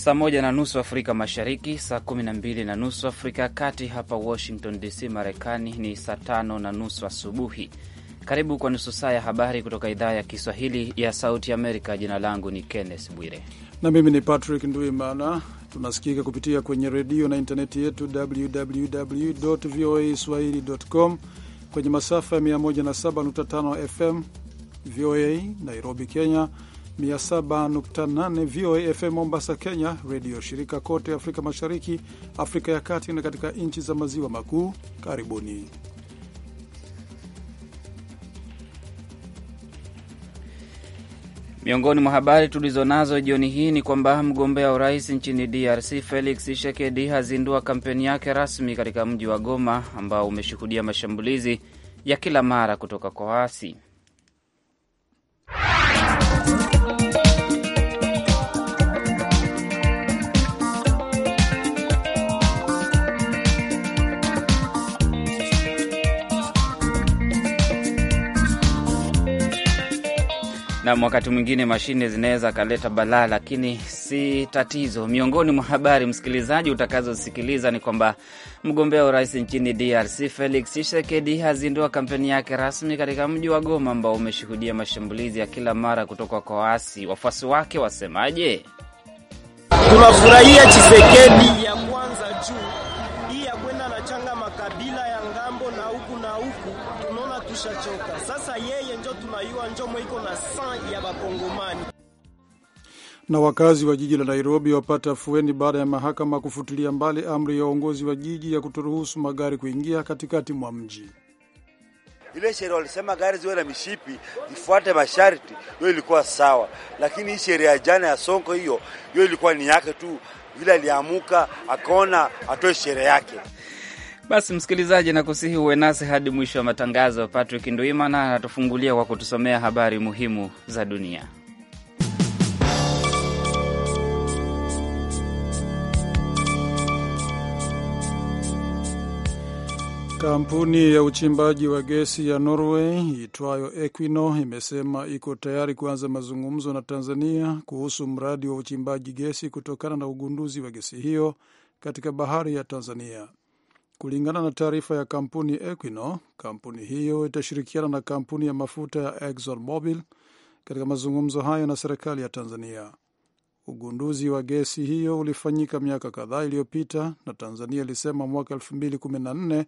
saa moja na nusu Afrika Mashariki, saa kumi na mbili na nusu Afrika ya Kati. Hapa Washington DC, Marekani ni saa tano na nusu asubuhi. Karibu kwa nusu saa ya habari kutoka idhaa ya Kiswahili ya Sauti Amerika. Jina langu ni Kenneth Bwire na mimi ni Patrick Nduimana. Tunasikika kupitia kwenye redio na intaneti yetu www voa swahili.com, kwenye masafa ya 107.5 FM VOA Nairobi, Kenya 107.8 VOA FM Mombasa, Kenya, redio shirika kote Afrika Mashariki, Afrika ya Kati na katika nchi za maziwa makuu. Karibuni. Miongoni mwa habari tulizonazo jioni hii ni kwamba mgombea wa urais nchini DRC Felix Tshisekedi hazindua kampeni yake rasmi katika mji wa Goma ambao umeshuhudia mashambulizi ya kila mara kutoka kwa waasi. na wakati mwingine mashine zinaweza kaleta balaa, lakini si tatizo. Miongoni mwa habari msikilizaji utakazosikiliza ni kwamba mgombea wa urais nchini DRC Felix Tshisekedi azindua kampeni yake rasmi katika mji wa Goma ambao umeshuhudia mashambulizi ya kila mara kutoka kwa waasi. Wafuasi wake wasemaje? Tunafurahia Tshisekedi ya kwanza juu hii ya kwenda na changa makabila ya ngambo na huku na huku, tunaona tushachoka Bayuwa Njomo iko na sa ya Bakongomani. Na wakazi wa jiji la Nairobi wapata afueni baada ya mahakama kufutilia mbali amri ya uongozi wa jiji ya kutoruhusu magari kuingia katikati mwa mji. Ile sheria walisema gari ziwe na mishipi zifuate masharti, hiyo ilikuwa sawa, lakini hii sheria jana ya Sonko hiyo hiyo ilikuwa ni yake tu, vile aliamuka akaona atoe sheria yake. Basi msikilizaji, nakusihi uwe nasi hadi mwisho wa matangazo. Patrick Nduimana anatufungulia kwa kutusomea habari muhimu za dunia. Kampuni ya uchimbaji wa gesi ya Norway itwayo equino imesema iko tayari kuanza mazungumzo na Tanzania kuhusu mradi wa uchimbaji gesi kutokana na ugunduzi wa gesi hiyo katika bahari ya Tanzania. Kulingana na taarifa ya kampuni Equinor, kampuni hiyo itashirikiana na kampuni ya mafuta ya Exxon katika mazungumzo hayo na serikali ya Tanzania. Ugunduzi wa gesi hiyo ulifanyika miaka kadhaa iliyopita na Tanzania ilisema mwaka 2014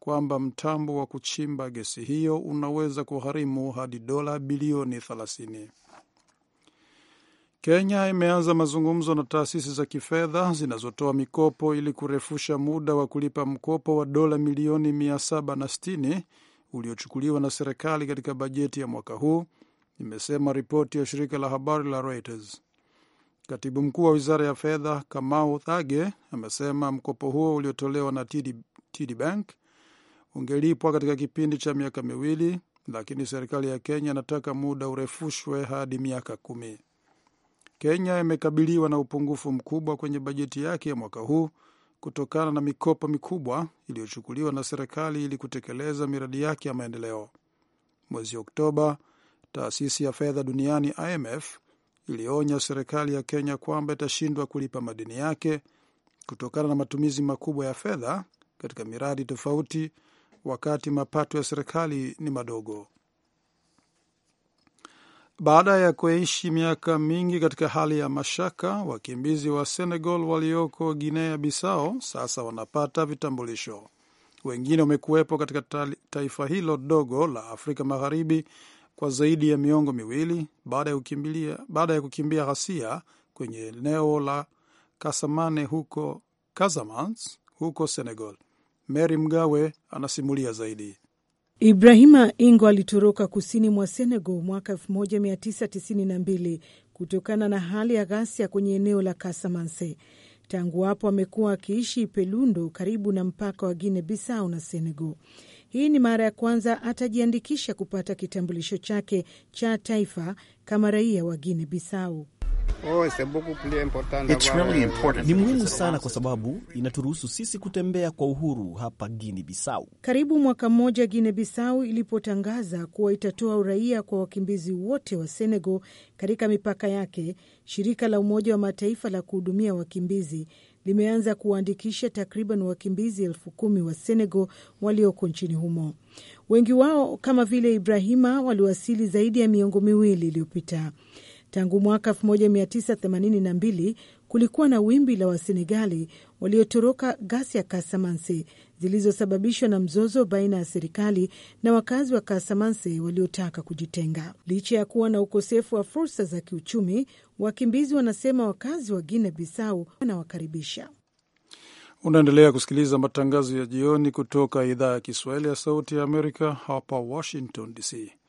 kwamba mtambo wa kuchimba gesi hiyo unaweza kugharimu hadi dola bilioni 30. Kenya imeanza mazungumzo na taasisi za kifedha zinazotoa mikopo ili kurefusha muda wa kulipa mkopo wa dola milioni 760 uliochukuliwa na serikali katika bajeti ya mwaka huu, imesema ripoti ya shirika la habari la Reuters. Katibu mkuu wa wizara ya fedha Kamau Thage amesema mkopo huo uliotolewa na TD, TD Bank ungelipwa katika kipindi cha miaka miwili, lakini serikali ya Kenya inataka muda urefushwe hadi miaka kumi. Kenya imekabiliwa na upungufu mkubwa kwenye bajeti yake ya mwaka huu kutokana na mikopo mikubwa iliyochukuliwa na serikali ili kutekeleza miradi yake ya maendeleo. Mwezi Oktoba, taasisi ya fedha duniani IMF ilionya serikali ya Kenya kwamba itashindwa kulipa madeni yake kutokana na matumizi makubwa ya fedha katika miradi tofauti, wakati mapato ya serikali ni madogo. Baada ya kuishi miaka mingi katika hali ya mashaka, wakimbizi wa Senegal walioko Guinea Bissau sasa wanapata vitambulisho. Wengine wamekuwepo katika taifa hilo dogo la Afrika Magharibi kwa zaidi ya miongo miwili baada ya, baada ya kukimbia ghasia kwenye eneo la Kasamane huko Casamance huko Senegal. Mary Mgawe anasimulia zaidi. Ibrahima Ingo alitoroka kusini mwa Senegal mwaka 1992 kutokana na hali ya ghasia kwenye eneo la Kasamanse. Tangu hapo amekuwa akiishi Pelundo, karibu na mpaka wa Guine Bissau na Senegal. Hii ni mara ya kwanza atajiandikisha kupata kitambulisho chake cha taifa kama raia wa Guine Bissau. Oh, it's really important. Ni muhimu sana kwa sababu inaturuhusu sisi kutembea kwa uhuru hapa Guinea Bissau. Karibu mwaka mmoja Guinea Bissau ilipotangaza kuwa itatoa uraia kwa wakimbizi wote wa Senegal katika mipaka yake, shirika la Umoja wa Mataifa la kuhudumia wakimbizi limeanza kuwaandikisha takriban wakimbizi elfu kumi wa Senegal walioko nchini humo. Wengi wao kama vile Ibrahima waliwasili zaidi ya miongo miwili iliyopita. Tangu mwaka 1982 kulikuwa na wimbi la Wasenegali waliotoroka ghasia ya Kasamansi zilizosababishwa na mzozo baina ya serikali na wakazi wa Kasamansi waliotaka kujitenga. Licha ya kuwa na ukosefu wa fursa za kiuchumi, wakimbizi wanasema wakazi wa Guinea Bissau wanawakaribisha. Unaendelea kusikiliza matangazo ya jioni kutoka idhaa ya Kiswahili ya Sauti ya Amerika, hapa Washington DC.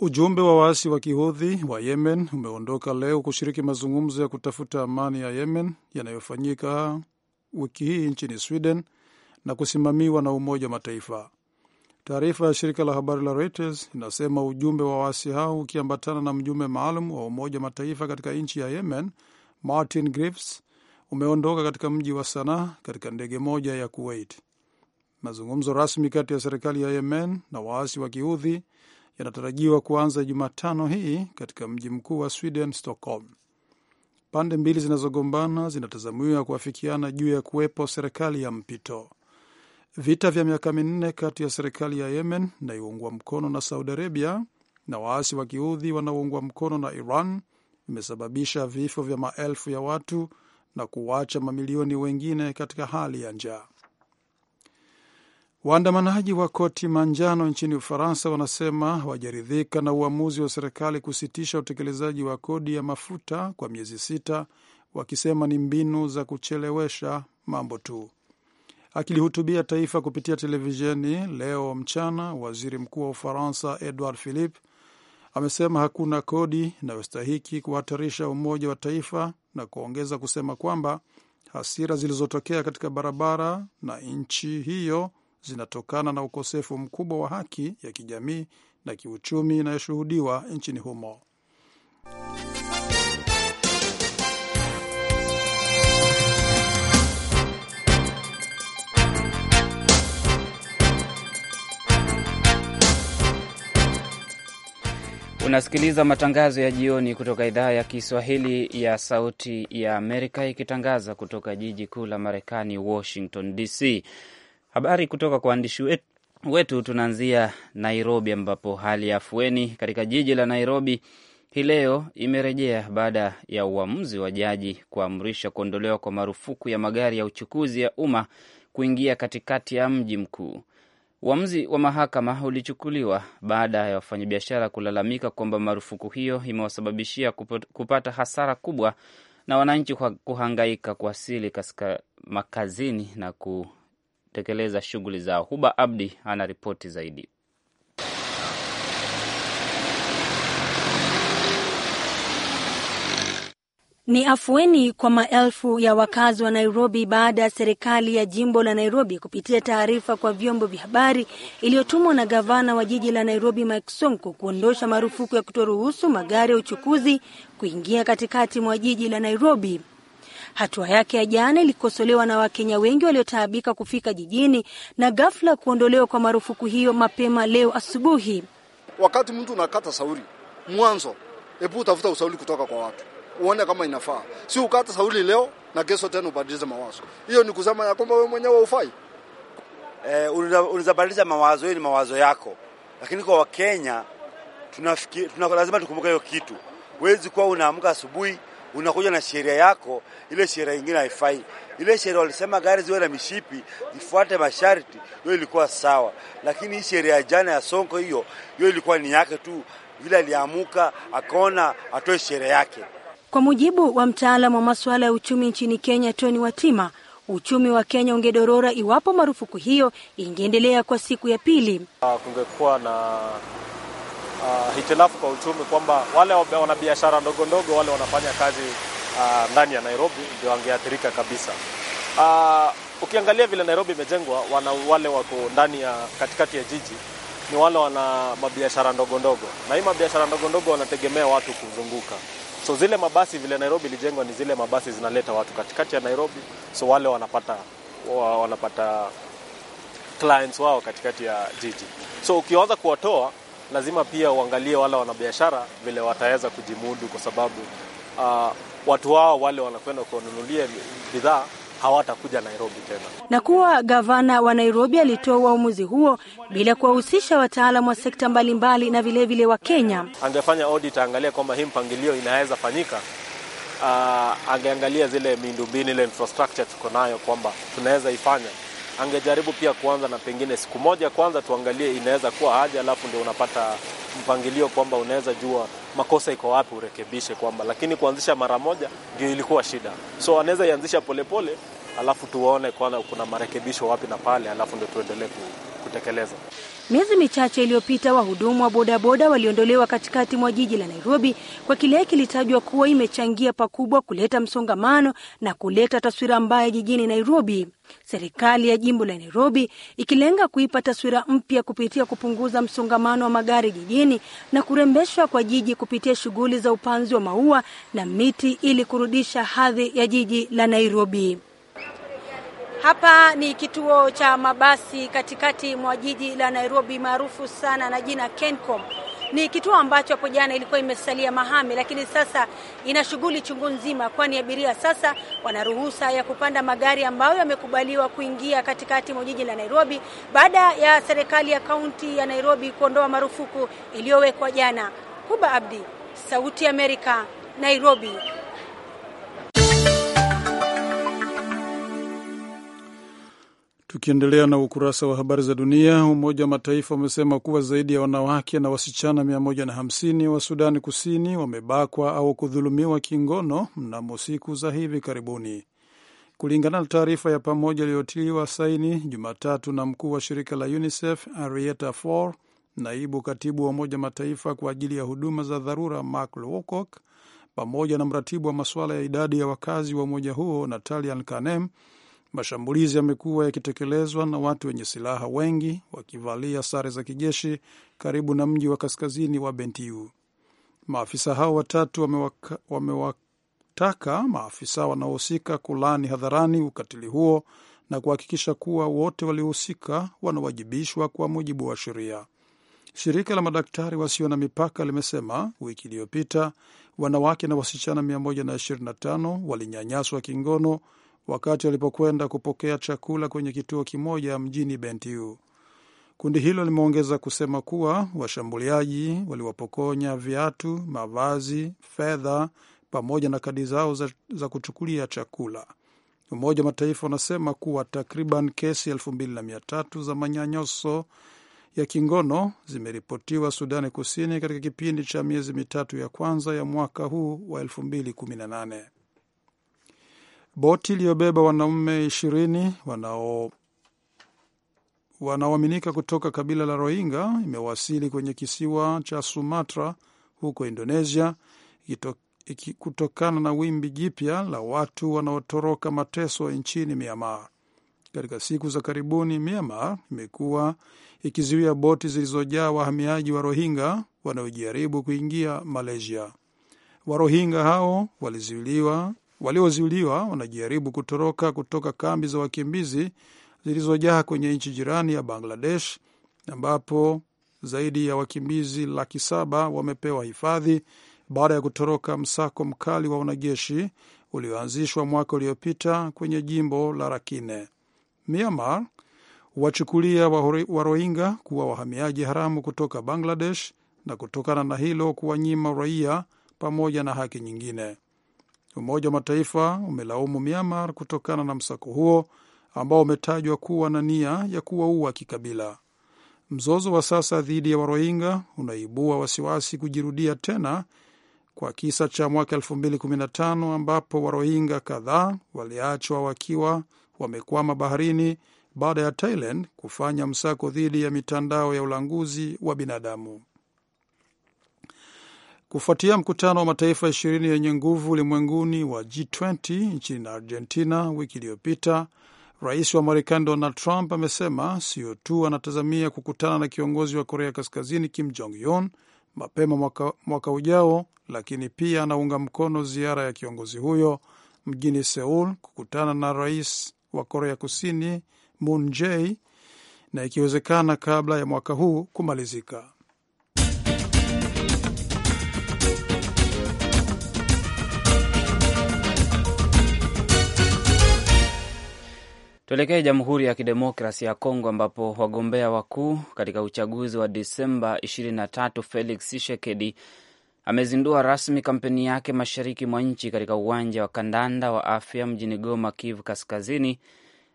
Ujumbe wa waasi wa kihudhi wa Yemen umeondoka leo kushiriki mazungumzo ya kutafuta amani ya Yemen yanayofanyika wiki hii nchini Sweden na kusimamiwa na Umoja wa Mataifa. Taarifa ya shirika la habari la Reuters inasema ujumbe wa waasi hao ukiambatana na mjumbe maalum wa Umoja wa Mataifa katika nchi ya Yemen, Martin Griffiths, umeondoka katika mji wa Sanaa katika ndege moja ya Kuwait. Mazungumzo rasmi kati ya serikali ya Yemen na waasi wa kihudhi yanatarajiwa kuanza Jumatano hii katika mji mkuu wa Sweden, Stockholm. Pande mbili zinazogombana zinatazamiwa kuafikiana juu ya kuwepo serikali ya mpito. Vita vya miaka minne kati ya serikali ya Yemen inayoungwa mkono na Saudi Arabia na waasi wa kiudhi wanaoungwa mkono na Iran vimesababisha vifo vya maelfu ya watu na kuwacha mamilioni wengine katika hali ya njaa. Waandamanaji wa koti manjano nchini Ufaransa wanasema wajaridhika na uamuzi wa serikali kusitisha utekelezaji wa kodi ya mafuta kwa miezi sita, wakisema ni mbinu za kuchelewesha mambo tu. Akilihutubia taifa kupitia televisheni leo mchana, waziri mkuu wa Ufaransa Edward Philippe amesema hakuna kodi inayostahiki kuhatarisha umoja wa taifa na kuongeza kusema kwamba hasira zilizotokea katika barabara na nchi hiyo zinatokana na ukosefu mkubwa wa haki ya kijamii na kiuchumi inayoshuhudiwa nchini humo. Unasikiliza matangazo ya jioni kutoka idhaa ya Kiswahili ya Sauti ya Amerika, ikitangaza kutoka jiji kuu la Marekani, Washington DC. Habari kutoka kwa waandishi wetu wetu tunaanzia Nairobi, ambapo hali ya afueni katika jiji la Nairobi hii leo imerejea baada ya uamuzi wa jaji kuamrisha kuondolewa kwa marufuku ya magari ya uchukuzi ya umma kuingia katikati ya mji mkuu. Uamuzi wa mahakama ulichukuliwa baada ya wafanyabiashara kulalamika kwamba marufuku hiyo imewasababishia kupata hasara kubwa na wananchi kuhangaika kuwasili katika makazini na ku kutekeleza shughuli zao. Huba Abdi ana ripoti zaidi. Ni afueni kwa maelfu ya wakazi wa Nairobi baada ya serikali ya jimbo la Nairobi kupitia taarifa kwa vyombo vya habari iliyotumwa na gavana wa jiji la Nairobi Mike Sonko kuondosha marufuku ya kutoruhusu magari ya uchukuzi kuingia katikati mwa jiji la Nairobi. Hatua yake ya jana ilikosolewa na Wakenya wengi waliotaabika kufika jijini na ghafla kuondolewa kwa marufuku hiyo mapema leo asubuhi. Wakati mtu unakata sauri, mwanzo hebu utafuta usauri kutoka kwa watu uone kama inafaa, si ukata sauri leo na kesho tena ubadilize mawazo. Hiyo ni kusema ya kwamba wewe mwenyewe haufai. Eh, unaweza mawazo, hiyo ni mawazo yako, lakini kwa Wakenya tunafikiri, tuna lazima tukumbuke hiyo kitu. Huwezi kuwa unaamka asubuhi unakuja na sheria yako, ile sheria nyingine haifai. Ile sheria walisema gari ziwe na mishipi zifuate masharti, hiyo ilikuwa sawa, lakini hii sheria ya jana ya Sonko hiyo hiyo ilikuwa ni yake tu, vile aliamuka akaona atoe sheria yake. Kwa mujibu wa mtaalamu wa masuala ya uchumi nchini Kenya Tony Watima, uchumi wa Kenya ungedorora iwapo marufuku hiyo ingeendelea kwa siku ya pili. Ah, kungekuwa na uh, hitilafu kwa uchumi kwamba wale wanabiashara ndogo ndogo wale wanafanya kazi uh, ndani ya Nairobi ndio wangeathirika kabisa. Uh, ukiangalia vile Nairobi imejengwa, wana wale wako ndani ya katikati ya jiji ni wale wana mabiashara ndogo ndogo, na hii mabiashara ndogo ndogo wanategemea watu kuzunguka. So zile mabasi vile Nairobi ilijengwa ni zile mabasi zinaleta watu katikati ya Nairobi, so wale wanapata wanapata clients wao katikati ya jiji. So ukiwaza kuwatoa lazima pia uangalie wale wanabiashara vile wataweza kujimudu, kwa sababu uh, watu wao wale wanakwenda kuwanunulia bidhaa hawatakuja Nairobi tena. Na kuwa gavana wa Nairobi alitoa uamuzi huo bila kuwahusisha wataalamu wa sekta mbalimbali na vilevile vile wa Kenya. Angefanya audit, aangalia kwamba hii mpangilio inaweza fanyika. Uh, angeangalia zile miundombinu ile infrastructure tuko nayo kwamba tunaweza ifanya angejaribu pia kuanza na pengine siku moja kwanza, tuangalie inaweza kuwa haja alafu ndio unapata mpangilio kwamba unaweza jua makosa iko wapi urekebishe kwamba, lakini kuanzisha mara moja ndio ilikuwa shida, so anaweza ianzisha polepole, alafu tuone kuna marekebisho wapi na pale, alafu ndio tuendelee kutekeleza. Miezi michache iliyopita wahudumu wa bodaboda waliondolewa katikati mwa jiji la Nairobi kwa kile kilitajwa kuwa imechangia pakubwa kuleta msongamano na kuleta taswira mbaya jijini Nairobi. Serikali ya jimbo la Nairobi ikilenga kuipa taswira mpya kupitia kupunguza msongamano wa magari jijini na kurembeshwa kwa jiji kupitia shughuli za upanzi wa maua na miti ili kurudisha hadhi ya jiji la Nairobi. Hapa ni kituo cha mabasi katikati mwa jiji la Nairobi maarufu sana na jina Kencom. Ni kituo ambacho hapo jana ilikuwa imesalia mahame, lakini sasa ina shughuli chungu nzima, kwani abiria sasa wana ruhusa ya kupanda magari ambayo yamekubaliwa kuingia katikati mwa jiji la Nairobi baada ya serikali ya kaunti ya Nairobi kuondoa marufuku iliyowekwa jana. Kuba Abdi, Sauti ya Amerika, Nairobi. Tukiendelea na ukurasa wa habari za dunia, Umoja wa Mataifa umesema kuwa zaidi ya wanawake na wasichana 150 wa Sudani Kusini wamebakwa au kudhulumiwa kingono mnamo siku za hivi karibuni, kulingana na taarifa ya pamoja iliyotiliwa saini Jumatatu na mkuu wa shirika la UNICEF Arieta Fore, naibu katibu wa Umoja Mataifa kwa ajili ya huduma za dharura Mark Lowcock pamoja na mratibu wa masuala ya idadi ya wakazi wa umoja huo Natalian Kanem. Mashambulizi yamekuwa yakitekelezwa na watu wenye silaha, wengi wakivalia sare za kijeshi karibu na mji wa kaskazini wa Bentiu. Maafisa hao watatu wamewataka wamewataka maafisa wanaohusika kulaani hadharani ukatili huo na kuhakikisha kuwa wote waliohusika wanawajibishwa kwa mujibu wa sheria. Shirika la madaktari wasio na mipaka limesema wiki iliyopita wanawake na wasichana 125 walinyanyaswa kingono wakati walipokwenda kupokea chakula kwenye kituo kimoja mjini Bentiu. Kundi hilo limeongeza kusema kuwa washambuliaji waliwapokonya viatu, mavazi, fedha pamoja na kadi zao za, za kuchukulia chakula. Umoja wa Mataifa unasema kuwa takriban kesi 2300 za manyanyoso ya kingono zimeripotiwa Sudani Kusini katika kipindi cha miezi mitatu ya kwanza ya mwaka huu wa 2018. Boti iliyobeba wanaume ishirini wanao wanaoaminika kutoka kabila la Rohingya imewasili kwenye kisiwa cha Sumatra huko Indonesia kutokana na wimbi jipya la watu wanaotoroka mateso nchini Myanmar. Katika siku za karibuni, Myanmar imekuwa ikizuia boti zilizojaa wahamiaji wa Rohingya wanaojaribu kuingia Malaysia. Warohingya hao walizuiliwa Waliozuiliwa wanajaribu kutoroka kutoka kambi za wakimbizi zilizojaa kwenye nchi jirani ya Bangladesh, ambapo zaidi ya wakimbizi laki saba wamepewa hifadhi baada ya kutoroka msako mkali wa wanajeshi ulioanzishwa mwaka uliopita kwenye jimbo la Rakhine. Myanmar wachukulia rohinga kuwa wahamiaji haramu kutoka Bangladesh na kutokana na hilo kuwanyima raia pamoja na haki nyingine. Umoja wa Mataifa umelaumu Myanmar kutokana na msako huo ambao umetajwa kuwa na nia ya kuwaua kikabila. Mzozo wa sasa dhidi ya warohinga unaibua wasiwasi kujirudia tena kwa kisa cha mwaka 2015 ambapo warohinga kadhaa waliachwa wakiwa wamekwama baharini baada ya Thailand kufanya msako dhidi ya mitandao ya ulanguzi wa binadamu kufuatia mkutano wa mataifa ishirini yenye nguvu ulimwenguni wa G20 nchini Argentina wiki iliyopita. Rais wa Marekani Donald Trump amesema sio tu anatazamia kukutana na kiongozi wa Korea Kaskazini Kim Jong Un mapema mwaka, mwaka ujao, lakini pia anaunga mkono ziara ya kiongozi huyo mjini Seul kukutana na rais wa Korea Kusini Moon Jae na ikiwezekana kabla ya mwaka huu kumalizika. Tuelekee Jamhuri ya Kidemokrasi ya Kongo ambapo wagombea wakuu katika uchaguzi wa Disemba 23, Felix Tshisekedi amezindua rasmi kampeni yake mashariki mwa nchi katika uwanja wa kandanda wa afya mjini Goma, Kivu Kaskazini,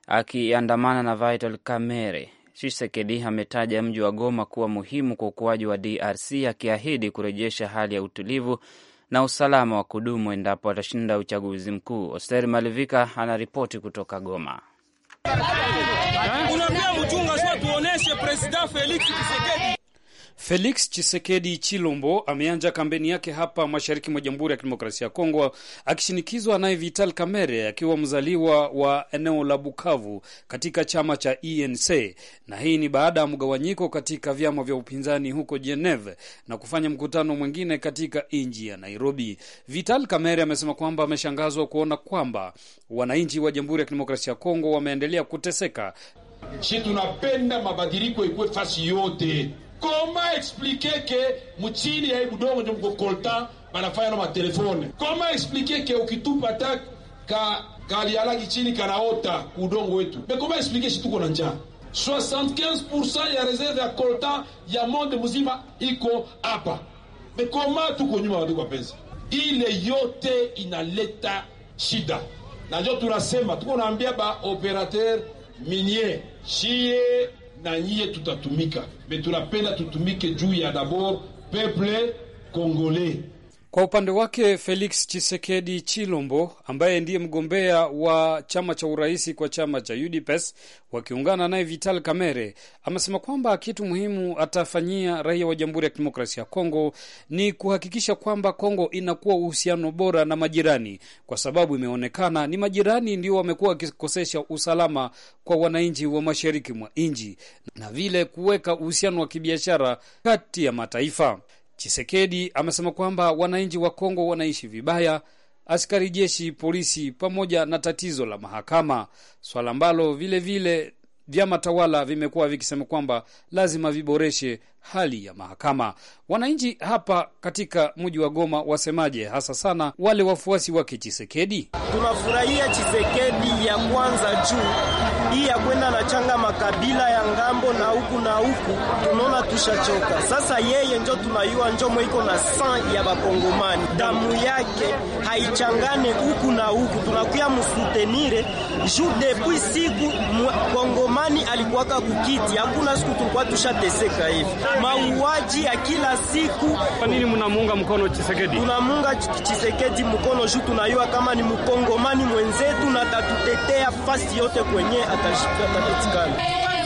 akiandamana na Vital Kamerhe. Tshisekedi ametaja mji wa Goma kuwa muhimu kwa ukuaji wa DRC, akiahidi kurejesha hali ya utulivu na usalama wa kudumu endapo atashinda uchaguzi mkuu. Oster Malivika anaripoti kutoka Goma. Unaambia mchunga sio tuoneshe President Felix Tshisekedi Felix Chisekedi Chilombo ameanza kampeni yake hapa mashariki mwa Jamhuri ya Kidemokrasia ya Kongo akishinikizwa naye Vital Kamerhe akiwa mzaliwa wa eneo la Bukavu katika chama cha ENC, na hii ni baada ya mgawanyiko katika vyama vya upinzani huko geneve na kufanya mkutano mwingine katika nji ya Nairobi. Vital Kamerhe amesema kwamba ameshangazwa kuona kwamba wananchi wa Jamhuri ya Kidemokrasia ya Kongo wameendelea kuteseka. Si tunapenda mabadiliko ikuwe fasi yote Comment expliquer que mchini ya ibudongo ndio mkokolta banafanya na téléphone. Comment expliquer que ukitupa taka ka kalialaki chini kanaota udongo wetu? Mais comment expliquer si tuko na njaa? 75% ya reserve ya kolta ya monde mzima iko hapa. Mais comment tuko nyuma watu kwa pesa? Ile yote inaleta shida. Na ndio tunasema tuko naambia ba operateur minier, chie na nyie tutatumika, me tunapenda tutumike juu ya dabor peple kongole kwa upande wake Felix Chisekedi Chilombo ambaye ndiye mgombea wa chama cha urais kwa chama cha UDPS wakiungana naye Vital Kamerhe amesema kwamba kitu muhimu atafanyia raia wa Jamhuri ya Kidemokrasia ya Kongo ni kuhakikisha kwamba Kongo inakuwa uhusiano bora na majirani, kwa sababu imeonekana ni majirani ndio wamekuwa wakikosesha usalama kwa wananchi wa mashariki mwa nchi na vile kuweka uhusiano wa kibiashara kati ya mataifa. Chisekedi amesema kwamba wananchi wa Kongo wanaishi vibaya, askari jeshi, polisi pamoja na tatizo la mahakama, swala ambalo vilevile vyama tawala vimekuwa vikisema kwamba lazima viboreshe hali ya mahakama. Wananchi hapa katika mji wa Goma wasemaje, hasa sana wale wafuasi wake Chisekedi? Tunafurahia Chisekedi ya kwanza juu hii ya kwenda na changa makabila ya ngambo na huku na huku, tunaona tushachoka. Sasa yeye njo tunayua njo mwiko na san ya bakongomani, damu yake haichangane huku na huku, tunakuya musutenire ju depuis siku kongomani alikuwaka kukiti, hakuna siku tulikuwa tushateseka hivi, mauaji ya kila siku. Kwa nini mnamuunga mkono Chisekedi? Tunamuunga Chisekedi mkono ju tunayua kama ni mkongomani mwenzetu na tatutetea fasi yote kwenye yatapatikana.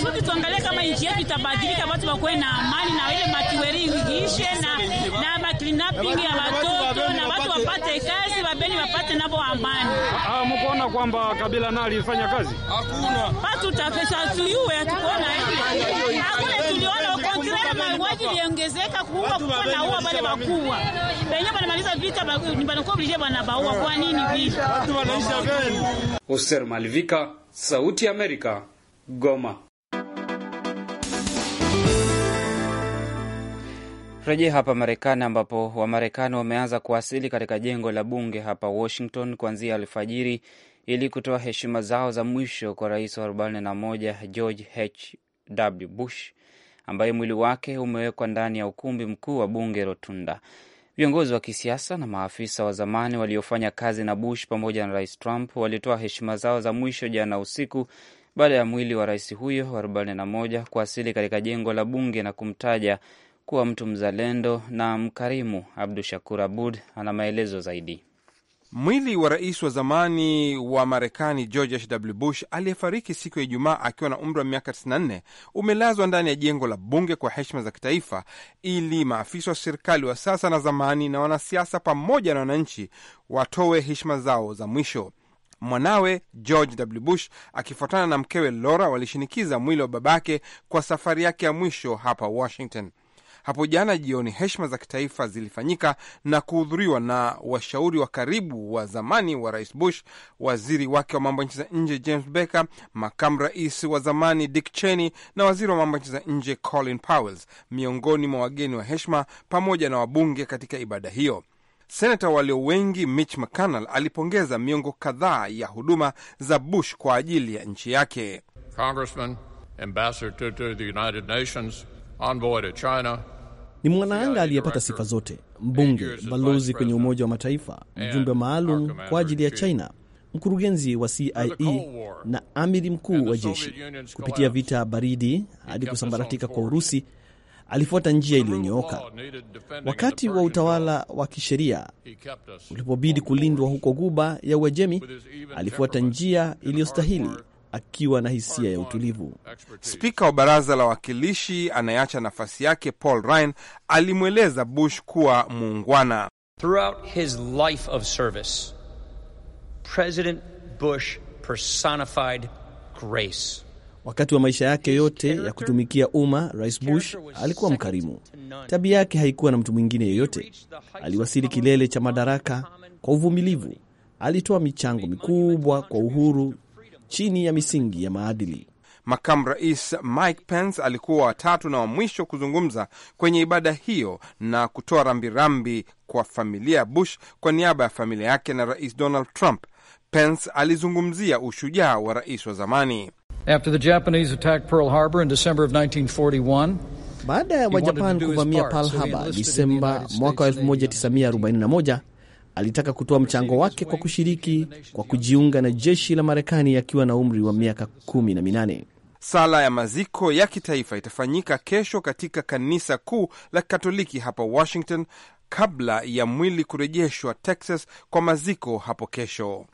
Sote tuangalie kama nchi yetu itabadilika, watu wakuwe na amani na ile matiweri iishe na na baklinapingi ya watoto na watu wapate kazi, wabeni wapate nabo amani. Ah, Mkuona kwamba Kabila na alifanya kazi hakuna watu patutafesatuyuwe atukuona hakuna tuliona ukontrela mauaji liongezeka kuua kuwa na ua bale wakubwa benye banamaliza vita banakuwa bilije banabaua kwa nini vita? Oser Malvika Sauti ya Amerika, Goma. Rejea hapa Marekani, ambapo Wamarekani wameanza kuwasili katika jengo la bunge hapa Washington kuanzia alfajiri ili kutoa heshima zao za mwisho kwa rais wa 41 George H W Bush ambaye mwili wake umewekwa ndani ya ukumbi mkuu wa bunge Rotunda. Viongozi wa kisiasa na maafisa wa zamani waliofanya kazi na Bush pamoja na rais Trump walitoa heshima zao za mwisho jana usiku baada ya mwili wa rais huyo wa 41 kuwasili katika jengo la bunge na kumtaja kuwa mtu mzalendo na mkarimu. Abdu Shakur Abud ana maelezo zaidi. Mwili wa rais wa zamani wa Marekani George h w Bush aliyefariki siku ya Ijumaa akiwa na umri wa miaka 94 umelazwa ndani ya jengo la bunge kwa heshima za kitaifa, ili maafisa wa serikali wa sasa na zamani na wanasiasa pamoja na wananchi watowe heshima zao za mwisho. Mwanawe George W. Bush akifuatana na mkewe Laura walishinikiza mwili wa babake kwa safari yake ya mwisho hapa Washington. Hapo jana jioni, heshima za kitaifa zilifanyika na kuhudhuriwa na washauri wa karibu wa zamani wa rais Bush, waziri wake wa mambo ya nchi za nje James Baker, makamu rais wa zamani Dick Cheney na waziri wa mambo ya nchi za nje Colin Powell, miongoni mwa wageni wa heshima pamoja na wabunge katika ibada hiyo. Senata walio wengi Mitch McConnell alipongeza miongo kadhaa ya huduma za Bush kwa ajili ya nchi yake. Congressman, ambassador to the United Nations, envoy to China ni mwanaanga aliyepata sifa zote: mbunge, balozi kwenye Umoja wa Mataifa, mjumbe maalum kwa ajili ya China, mkurugenzi wa CIA e na amiri mkuu wa jeshi. Kupitia vita baridi hadi kusambaratika kwa Urusi, alifuata njia iliyonyooka. Wakati wa utawala wa kisheria ulipobidi kulindwa huko guba ya Uajemi, alifuata njia iliyostahili akiwa na hisia ya utulivu. Spika wa baraza la wawakilishi anayeacha nafasi yake Paul Ryan alimweleza Bush kuwa muungwana. Throughout his life of service, President Bush personified grace. Wakati wa maisha yake yote ya kutumikia umma, Rais Bush alikuwa mkarimu. Tabia yake haikuwa na mtu mwingine yeyote. Aliwasili kilele cha madaraka kwa uvumilivu. Alitoa michango mikubwa kwa uhuru chini ya misingi ya maadili. Makamu Rais Mike Pence alikuwa watatu na wa mwisho kuzungumza kwenye ibada hiyo na kutoa rambirambi kwa familia ya Bush kwa niaba ya familia yake na Rais Donald Trump. Pence alizungumzia ushujaa wa rais wa zamani baada ya Wajapani kuvamia Pearl Harbor Disemba mwaka 1941. Alitaka kutoa mchango wake kwa kushiriki kwa kujiunga na jeshi la Marekani akiwa na umri wa miaka kumi na minane. Sala ya maziko ya kitaifa itafanyika kesho katika kanisa kuu la Katoliki hapa Washington kabla ya mwili kurejeshwa Texas kwa maziko hapo kesho.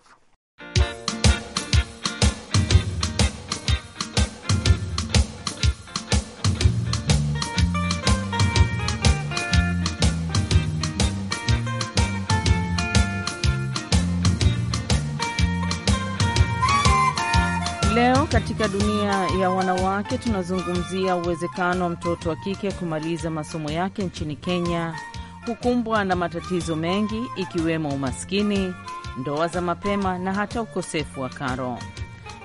Leo katika dunia ya wanawake tunazungumzia uwezekano wa mtoto wa kike kumaliza masomo yake nchini Kenya hukumbwa na matatizo mengi ikiwemo umaskini, ndoa za mapema na hata ukosefu wa karo.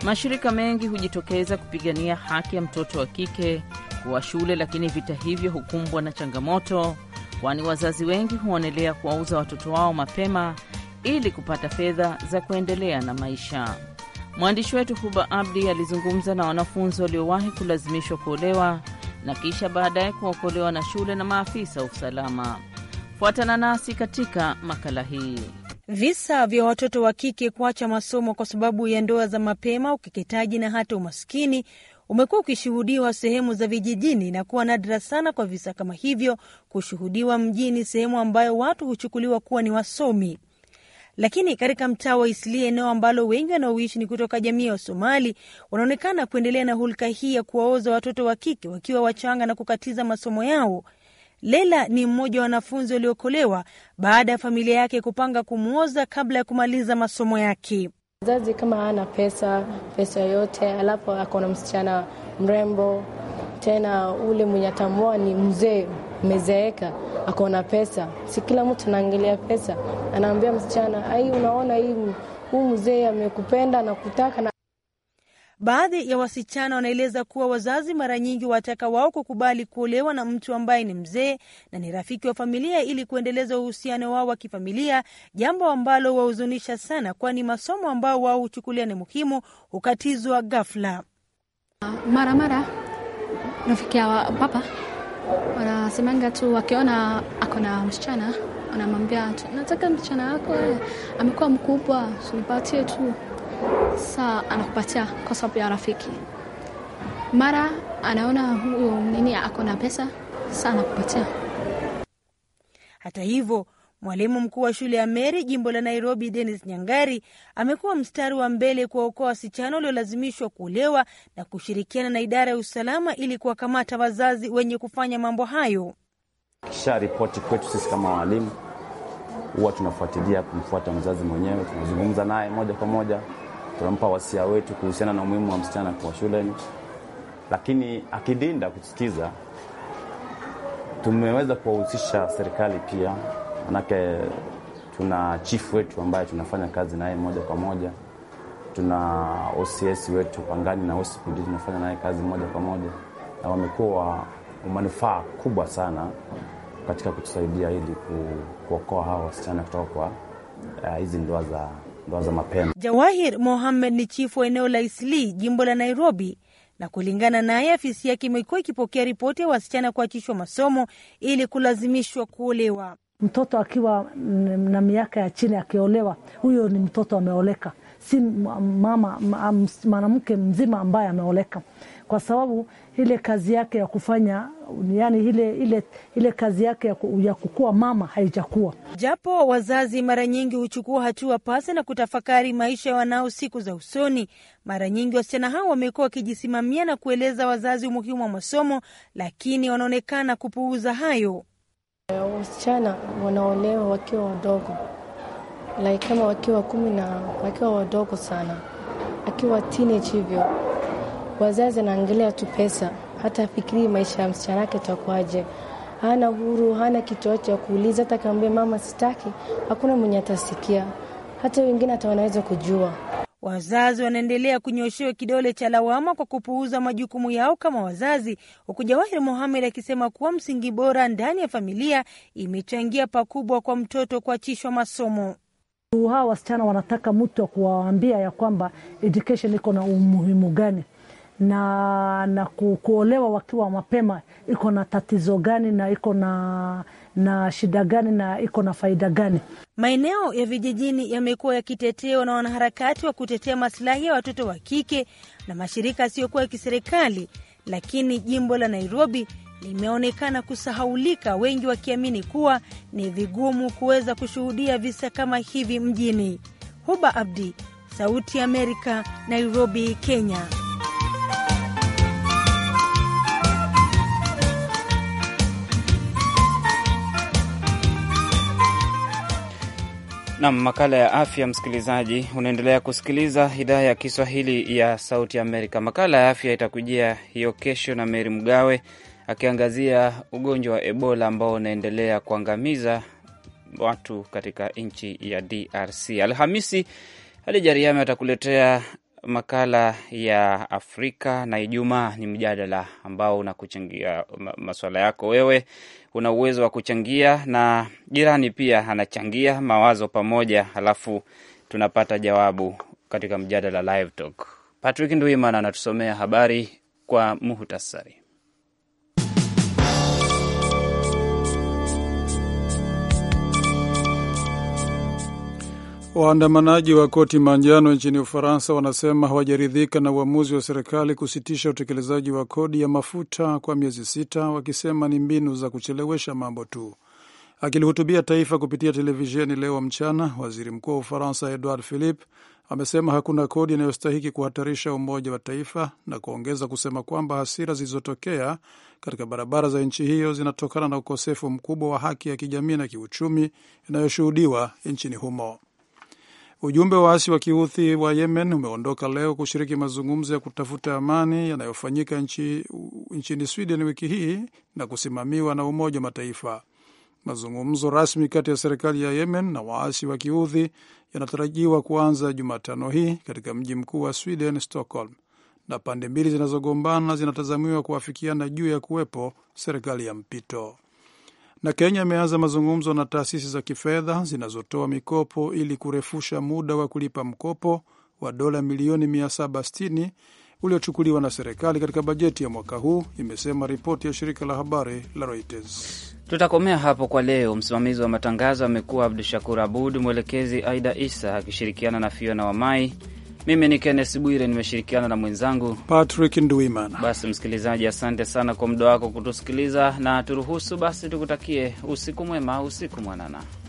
Mashirika mengi hujitokeza kupigania haki ya mtoto wa kike kuwa shule, lakini vita hivyo hukumbwa na changamoto, kwani wazazi wengi huonelea kuwauza watoto wao mapema ili kupata fedha za kuendelea na maisha. Mwandishi wetu Huba Abdi alizungumza na wanafunzi waliowahi kulazimishwa kuolewa na kisha baadaye kuokolewa na shule na maafisa wa usalama. Fuatana nasi katika makala hii. Visa vya watoto wa kike kuacha masomo kwa sababu ya ndoa za mapema, ukeketaji na hata umaskini umekuwa ukishuhudiwa sehemu za vijijini na kuwa nadra sana kwa visa kama hivyo kushuhudiwa mjini, sehemu ambayo watu huchukuliwa kuwa ni wasomi. Lakini katika mtaa wa Isli, eneo ambalo wengi wanaoishi ni kutoka jamii ya Wasomali, wanaonekana kuendelea na hulka hii ya kuwaoza watoto wa kike wakiwa wachanga na kukatiza masomo yao. Lela ni mmoja wa wanafunzi waliokolewa baada ya familia yake kupanga kumwoza kabla ya kumaliza masomo yake. Mzazi kama ana pesa pesa yoyote, alafu ako na msichana mrembo, tena ule mwenye atamwoa ni mzee, umezeeka ako na pesa. Si kila mtu anaangalia pesa, anaambia msichana, ai, unaona hii huu mzee amekupenda na kutaka na Baadhi ya wasichana wanaeleza kuwa wazazi mara nyingi wataka wao kukubali kuolewa na mtu ambaye ni mzee na ni rafiki wa familia ili kuendeleza uhusiano wao wa kifamilia, jambo ambalo wahuzunisha sana, kwani masomo ambao wao huchukulia ni muhimu hukatizwa ghafla. Mara mara nafikia papa wanasemanga tu wakiona ako na msichana wanamwambia tu, nataka msichana wako eh, amekuwa mkubwa, sinipatie tu. Saa anakupatia kwa sababu ya rafiki, mara anaona huyo nini ako na pesa, saa anakupatia. Hata hivyo Mwalimu mkuu wa shule ya Meri jimbo la Nairobi, Dennis Nyangari amekuwa mstari wa mbele kuwaokoa wasichana waliolazimishwa kuolewa na kushirikiana na idara ya usalama ili kuwakamata wazazi wenye kufanya mambo hayo. Kisha ripoti kwetu sisi kama walimu, huwa tunafuatilia kumfuata mzazi mwenyewe, tunazungumza naye moja kwa moja, tunampa wasia wetu kuhusiana na umuhimu wa msichana kwa shuleni, lakini akidinda kusikiza, tumeweza kuwahusisha serikali pia manake tuna chifu wetu ambaye tunafanya kazi naye moja kwa moja, tuna OCS wetu Pangani na OCPD tunafanya naye kazi moja kwa moja, na wamekuwa manufaa kubwa sana katika kutusaidia ili kuokoa hawa wasichana kutoka kwa eh, hizi uh, ndoa za ndoa za mapema. Jawahir Mohamed ni chifu wa eneo la Isli, jimbo la Nairobi, na kulingana naye, afisi yake imekuwa ikipokea ripoti ya wasichana kuachishwa masomo ili kulazimishwa kuolewa. Mtoto akiwa na miaka ya chini akiolewa, huyo ni mtoto ameoleka, si mama mwanamke mzima ambaye ameoleka, kwa sababu ile kazi yake ya kufanya yani ile, ile, ile kazi yake ya kukua mama haijakuwa. Japo wazazi mara nyingi huchukua hatua pasi na kutafakari maisha ya wanao siku za usoni, mara nyingi wasichana hao wamekuwa wakijisimamia na kueleza wazazi umuhimu wa masomo, lakini wanaonekana kupuuza hayo. Wasichana wanaolewa wakiwa wadogo like kama wakiwa kumi na wakiwa wadogo sana, akiwa teenage hivyo, wazazi anaangalia tu pesa, hata afikirii maisha ya msichana wake itakuwaje. Hana huru, hana kitu cha kuuliza. Hata kaambia mama sitaki, hakuna mwenye atasikia, hata wengine hata wanaweza kujua. Wazazi wanaendelea kunyoshewa kidole cha lawama kwa kupuuza majukumu yao kama wazazi, huku Jawahir Mohamed akisema kuwa msingi bora ndani ya familia imechangia pakubwa kwa mtoto kuachishwa masomo. Hawa wasichana wanataka mtu wa kuwaambia ya kwamba education iko na umuhimu gani na na kuolewa wakiwa mapema iko na tatizo gani na iko na na shida gani na iko na faida gani? Maeneo ya vijijini yamekuwa yakitetewa na wanaharakati wa kutetea masilahi ya watoto wa kike na mashirika yasiyokuwa ya kiserikali, lakini jimbo la Nairobi limeonekana kusahaulika, wengi wakiamini kuwa ni vigumu kuweza kushuhudia visa kama hivi mjini. Huba Abdi, Sauti ya Amerika, Nairobi, Kenya. Nam, makala ya afya. Msikilizaji, unaendelea kusikiliza idhaa ya Kiswahili ya Sauti Amerika. Makala ya afya itakujia hiyo kesho na Meri Mgawe akiangazia ugonjwa wa Ebola ambao unaendelea kuangamiza watu katika nchi ya DRC. Alhamisi hadi jariame atakuletea makala ya Afrika na Ijumaa ni mjadala ambao unakuchangia maswala yako wewe una uwezo wa kuchangia na jirani pia anachangia mawazo pamoja, halafu tunapata jawabu katika mjadala live talk. Patrick Ndwimana anatusomea habari kwa muhtasari. Waandamanaji wa koti manjano nchini Ufaransa wanasema hawajaridhika na uamuzi wa serikali kusitisha utekelezaji wa kodi ya mafuta kwa miezi sita, wakisema ni mbinu za kuchelewesha mambo tu. Akilihutubia taifa kupitia televisheni leo mchana, waziri mkuu wa Ufaransa Edouard Philippe amesema hakuna kodi inayostahiki kuhatarisha umoja wa taifa na kuongeza kusema kwamba hasira zilizotokea katika barabara za nchi hiyo zinatokana na ukosefu mkubwa wa haki ya kijamii na kiuchumi inayoshuhudiwa nchini humo. Ujumbe wa waasi wa kiuthi wa Yemen umeondoka leo kushiriki mazungumzo ya kutafuta amani yanayofanyika nchi, nchini Sweden wiki hii na kusimamiwa na Umoja wa Mataifa. Mazungumzo rasmi kati ya serikali ya Yemen na waasi wa kiuthi yanatarajiwa kuanza Jumatano hii katika mji mkuu wa Sweden, Stockholm, na pande mbili zinazogombana zinatazamiwa kuafikiana juu ya kuwepo serikali ya mpito na Kenya imeanza mazungumzo na taasisi za kifedha zinazotoa mikopo ili kurefusha muda wa kulipa mkopo wa dola milioni 760 uliochukuliwa na serikali katika bajeti ya mwaka huu, imesema ripoti ya shirika la habari la Reuters. Tutakomea hapo kwa leo. Msimamizi wa matangazo amekuwa Abdu Shakur Abud, mwelekezi Aida Isa akishirikiana na Fiona Wamai. Mimi ni Kennes Bwire, nimeshirikiana na mwenzangu Patrick Nduimana. Basi msikilizaji, asante sana kwa muda wako kutusikiliza, na turuhusu basi tukutakie usiku mwema, usiku mwanana.